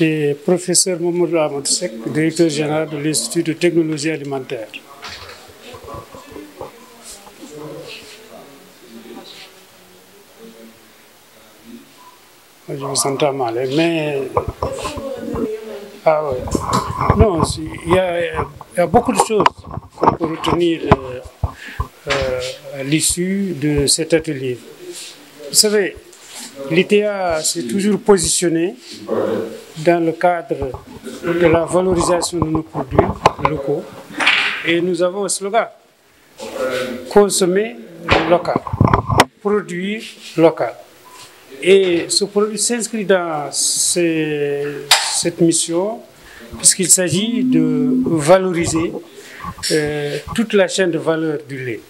c'est professeur Mamadou Amadou directeur général de l'Institut de technologie alimentaire. mais... Ah non, il euh, euh, de cet atelier. Vous savez, l'ITA s'est toujours positionné dans le cadre de la valorisation de nos produits locaux. Et nous avons un slogan, consommer local, produire local. Et ce produit s'inscrit dans ces, cette mission puisqu'il s'agit de valoriser euh, toute la chaîne de valeur du lait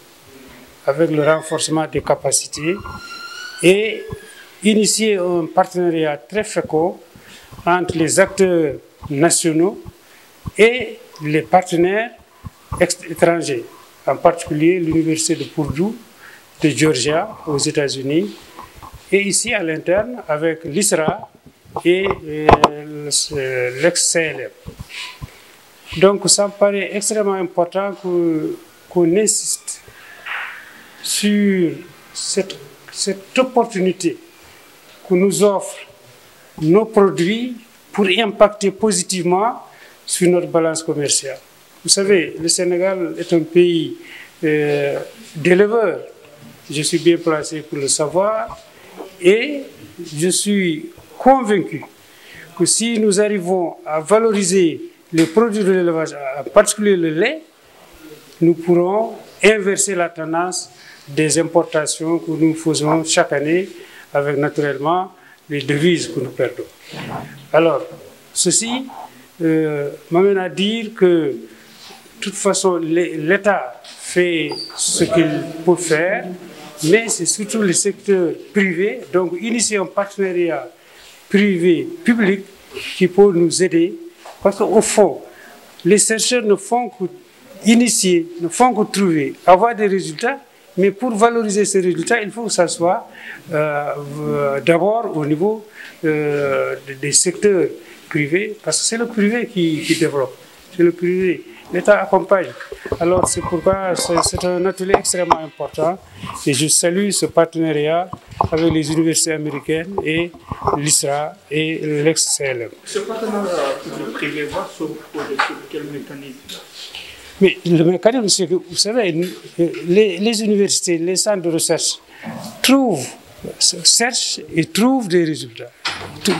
avec le renforcement des capacités et initier un partenariat très fécond entre les acteurs nationaux et les partenaires étrangers, en particulier l'Université de Purdue de Georgia aux États-Unis, et ici à l'interne avec l'ISRA et euh, lex Donc ça me paraît extrêmement important qu'on insiste sur cette opportunité que nous offre nos produits pour impacter positivement sur notre balance commerciale. Vous savez, le Sénégal est un pays euh, d'éleveurs. Je suis bien placé pour le savoir et je suis convaincu que si nous arrivons à valoriser les produits de l'élevage, en particulier le lait, nous pourrons inverser la tendance des importations que nous faisons chaque année avec naturellement les devises que nous perdons. Alors, ceci euh, m'amène à dire que, de toute façon, l'État fait ce qu'il peut faire, mais c'est surtout le secteur privé, donc initier un partenariat privé-public qui peut nous aider, parce qu'au fond, les chercheurs ne font qu'initier, ne font que trouver, avoir des résultats, Mais pour valoriser ces résultats, il faut que ça soit euh, euh d'abord au niveau euh, des secteurs privés, parce que c'est le privé qui, qui développe, c'est L'État accompagne. Alors c'est pourquoi c'est un atelier extrêmement important et je salue ce partenariat avec les universités américaines et l'ISRA et lex Mais le mécanisme, c'est que, vous savez, les, les, universités, les centres de recherche trouvent, cherchent et trouvent des résultats,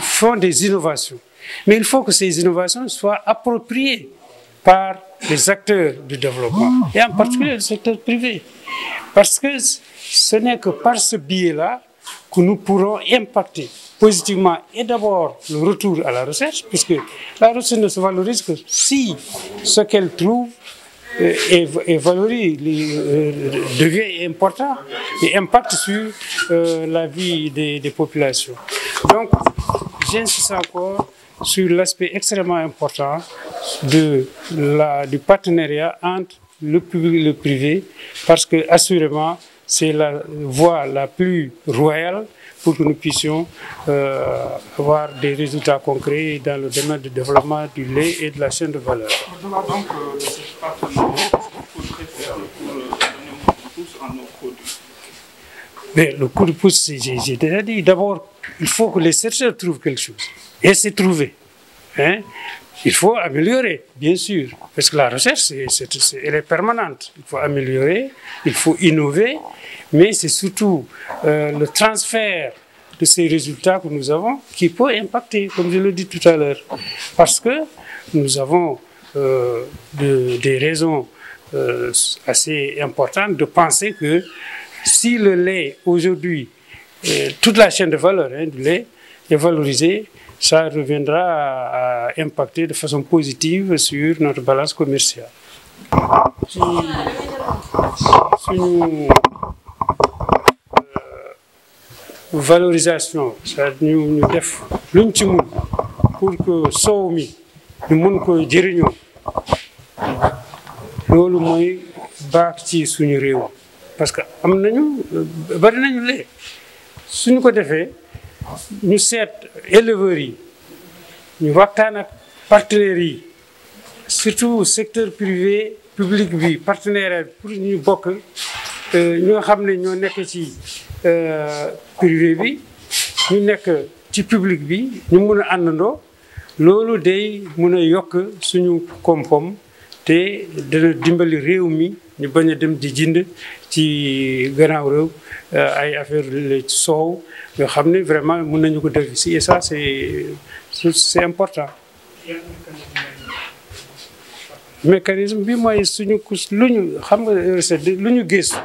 font des innovations. Mais il faut que ces innovations soient appropriées par les acteurs du développement, et en particulier le secteur privé. Parce que ce n'est que par ce biais-là que nous pourrons impacter positivement et d'abord le retour à la recherche, puisque la recherche ne se valorise que si ce qu'elle trouve Euh, et, valorise, euh, devient important et impacte sur euh, la vie des, des populations. Donc, j'insiste encore sur l'aspect extrêmement important de la, du partenariat entre le public et le privé, parce que c'est la voie la plus royale pour que nous puissions euh, avoir des résultats concrets dans le domaine du développement du lait et de la chaîne de valeur. partenaires le coup de pouce, d'abord, il faut que les chercheurs trouvent quelque chose. Et c'est trouvé. Il faut améliorer, bien sûr, parce que la recherche, c est, c est, elle est permanente. Il faut améliorer, il faut innover, mais c'est surtout euh, le transfert de ces résultats que nous avons qui peut impacter, comme je l'ai dit tout à l'heure. Parce que nous avons euh, de, des raisons euh, assez importantes de penser que si le lait aujourd'hui, euh, toute la chaîne de valeur hein, du lait est valorisée, ça reviendra à, impacter de façon positive sur notre balance commerciale. Si, euh, nous, valorisation c'est-à-dire pour que soow mi ñu mën ko jëriñoo loolu mooy baax ci suñu réew parce que am nañu bari nañu lee suñu ko defee ñu seet éleveurs yi ñu waxtaan ak partenaires yi surtout secteur privé public bi partenaire pour ñu bokk euh, ñu nga xam ne ñoo nekk ci euh, privé bi ñu nekk ci public bi ñu mun a àndandoo loolu day mun a yokk suñu koom-koom te dana dimbali réew mi ñu bañ a dem di jënd ci gannaaw réew euh, ay affaire soow nga xam ne vraiment mun nañu ko def si et c'est important mécanisme bi mooy suñu lu ñu xam nga lu ñu gëstu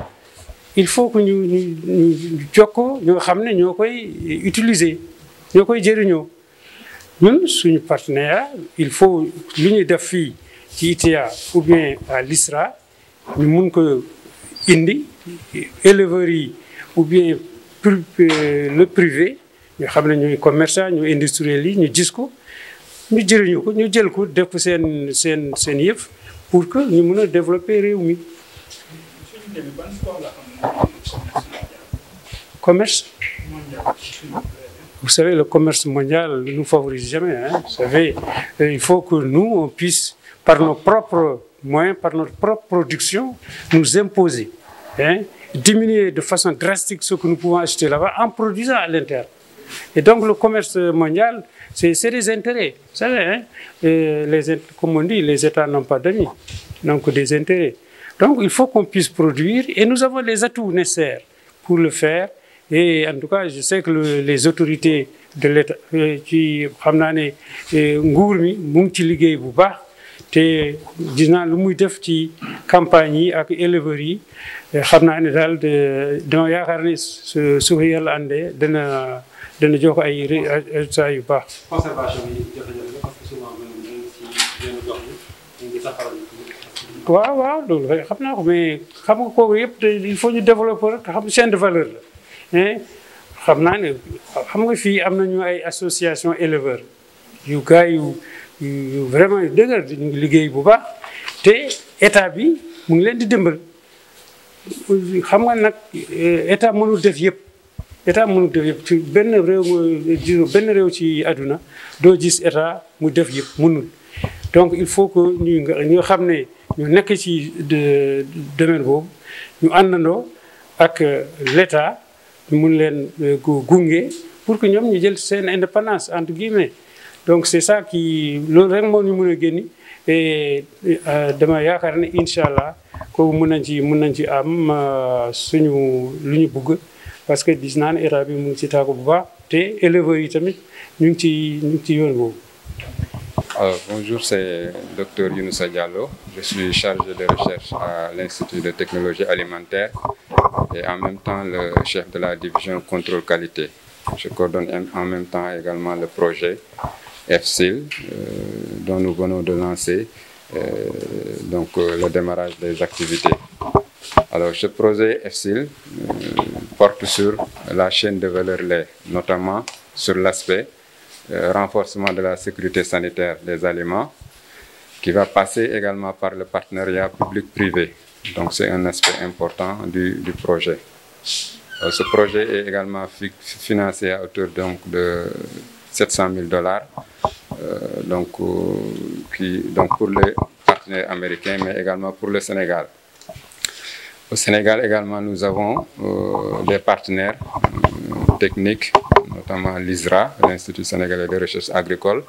il faut que ñu ñu ñu jokkoo xam ne ñoo koy utiliser ñoo koy jëriñoo ñun suñu partenaire il faut lu ñuy def fii ci ITA ou bien à l'ISRA ñu mun ko indi éleveurs yi ou bien euh, le privé ñu xam ne ñuy commerçant ñu industriel yi ñu gis ko ñu jëriñu ñu jël ko def ko seen seen seen yëf pour que ñu mën a développer réew mi commerce Vous savez, le commerce mondial ne nous favorise jamais. Hein, vous savez, Et euh, il faut que nous, on puisse, par nos propres moyens, par notre propre production, nous imposer. Hein, diminuer de façon drastique ce que nous pouvons acheter là-bas en produisant à l'intérieur. Et donc le commerce mondial, c'est des intérêts. Vous savez, hein, les, comme on dit, les États n'ont pas d'amis, donc des intérêts. Donc il faut qu'on puisse produire et nous avons les atouts nécessaires pour le faire. et en tout cas je sais que les autorités de l'état euh, ci xam naa ne euh, nguur mi mu ngi ci liggéey bu baax te gis naa lu muy def ci campagne yi ak éleveurs yi euh, xam naa ne daal de dama yaakaar ne su su yàlla àndee dana jox ay résultats yu baax. conservation waaw waaw loolu xam naa ko xam nga kooku yëpp il faut ñu développer rek xam chaîne de valeur la. xam naa ne xam nga fii am nañu ay association éleveur yu gars yu yu vraiment yu dëgër ñu liggéey bu baax te état bi mu ngi leen di dimbal xam nga nag euh, état mënul def yëpp état mënul def yëpp ci benn réew benn réew ci àdduna doo gis état mu def yëpp mënul donc il faut que ñu nga xam ne ñu nekk ci domaine boobu ñu àndandoo ak euh, l'état mun leen euh, gunge pour que ñoom ñu jël seen indépendance entre guillemets donc c'est ça qui loolu rek moo ñu mën a génni et euh, dama yaakaar ne incha allah kooku mun nañ ci mun nañ ci am euh, suñu lu ñu bugg parce que gis naa ne état bi mu ngi ci tàggu bu baax te éleveurs yi tamit ñu ngi ci ñu ci yoon boobu. Alors, bonjour, c'est Dr Younoussa Diallo. Je suis chargé de recherche à l'Institut de technologie alimentaire et en même temps le chef de la division contrôle qualité. Je coordonne en même temps également le projet EFSIL euh, dont nous venons de lancer euh, donc euh, le démarrage des activités. Alors ce projet EFSIL euh, porte sur la chaîne de valeur lait, notamment sur l'aspect euh, renforcement de la sécurité sanitaire des aliments qui va passer également par le partenariat public-privé Donc c'est un aspect important du, du projet. Euh, ce projet est également financé à hauteur donc, de 700 000 dollars euh, donc, euh, qui, donc pour les partenaires américains, mais également pour le Sénégal. Au Sénégal également, nous avons euh, des partenaires euh, techniques, notamment l'ISRA, l'Institut sénégalais de recherche agricole,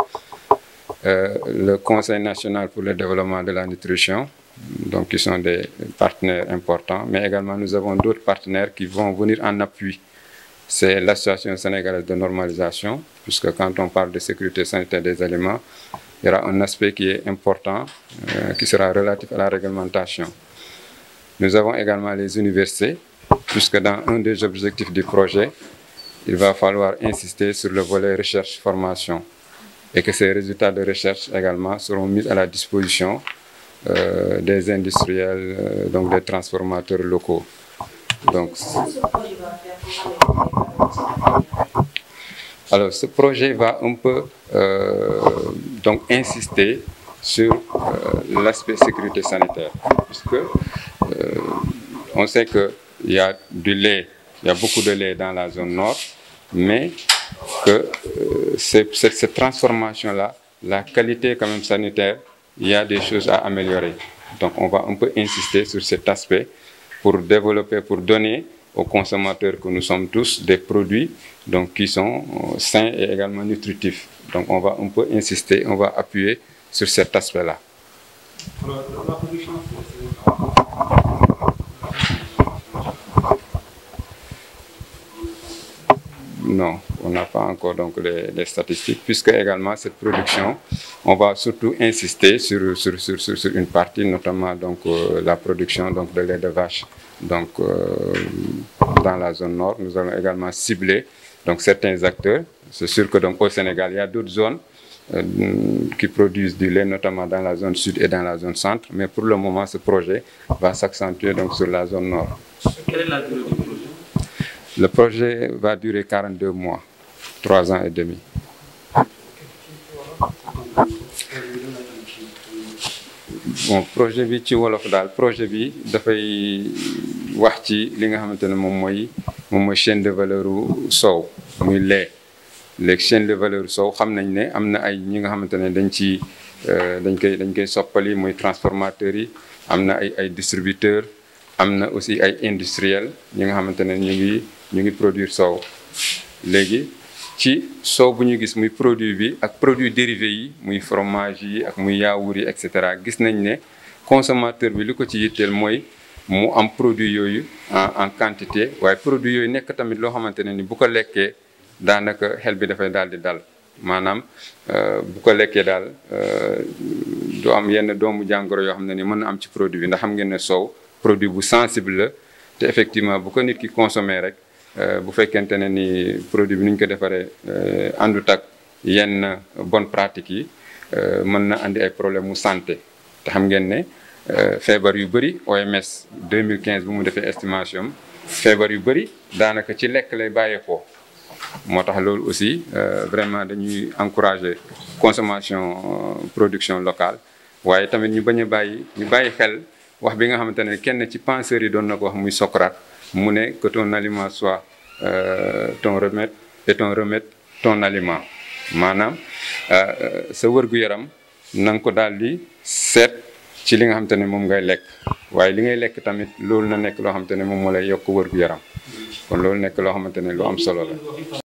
euh, le Conseil national pour le développement de la nutrition, donc qui sont des partenaires importants. Mais également, nous avons d'autres partenaires qui vont venir en appui. C'est l'Association sénégalaise de normalisation, puisque quand on parle de sécurité sanitaire des aliments, il y aura un aspect qui important, euh, qui sera relatif à la réglementation. Nous avons également les universités, puisque dans un des objectifs du projet, il va falloir insister sur le volet recherche-formation et que ces de recherche également seront mis à la disposition Euh, des industriels, euh, donc des transformateurs locaux. Donc, alors, ce projet va un peu euh, donc insister sur euh, l'aspect sécurité sanitaire, puisque euh, on sait qu'il y a du beaucoup de lait dans la zone nord, mais que cette, cette transformation-là, la qualité quand même sanitaire il y a des choses à améliorer. Donc on va un peu insister sur cet aspect pour développer, pour donner aux consommateurs que nous sommes tous des produits donc, qui sont euh, sains et également nutritifs. Donc on va un insister, on va appuyer sur cet aspect-là. Non, on n'a pas encore donc les, les, statistiques, puisque également production, on va surtout insister sur, sur, sur, sur une partie, notamment donc euh, la production donc, de lait de vache. Donc euh, dans la zone nord, nous allons également cibler donc, certains acteurs. C'est sur que donc au Sénégal, il y a d'autres zones euh, qui produisent du lait, notamment dans la zone sud et dans la zone centre, mais pour le moment, ce projet va s'accentuer donc sur la zone nord. Le projet va durer 42 mois, trois ans et demi. bon projet bi ci wolof daal projet bi dafay wax ci li nga xamante ne moom mooy moom mooy chaîne de valeur soow muy lait léegi chaîne de valeur soow xam nañ ne am na ay ñi nga xamante ne dañ ci euh, dañ koy dañ koy soppali muy transformateur yi am na ay ay distributeur am na aussi ay industriel ñi nga xamante ne ñu ngi ñu ngi produire soow léegi ci soow bu ñu gis muy produit bi ak produit dérivé yi muy fromage yi ak muy yaawur yi et cetera gis nañ ne consommateur bi li ko ci yitteel mooy mu am produit yooyu en en quantité waaye produit yooyu nekk tamit loo xamante ne ni bu ko lekkee daanaka xel bi dafay daal di dal maanaam euh, bu ko lekkee daal euh, du am yenn doomu jàngoro yoo xam ne ni mën na am ci produit bi ndax xam ngeen ne soow produit bu sensible la te effectivement bu ko nit ki consommé rek euh, bu fekkente ne ni produit bi ni ñu ko defaree euh, àndut ak yenn bonne pratique yi euh, mën na andi ay problème mu santé te xam ngeen ne feebar yu bëri OMS 2015 bu mu defee estimation feebar yu bëri daanaka ci lekk lay bàyyeekoo moo tax loolu aussi vraiment dañuy encourager consommation production locale waaye tamit ñu bañ bàyyi ñu bàyyi xel wax bi nga xamante ne kenn ci penseurs yi doon na ko wax muy Socrate mu ne que ton aliment soit euh, ton remède et ton remède ton aliment maanaam euh, sa wërgu yaram na nga ko daal di seet ci li nga xamante moom ngay lekk waaye li ngay lekk tamit loolu na nekk loo xamante ne moom moo lay yokk wërgu yaram kon loolu nekk loo xamante ne lu am solo la.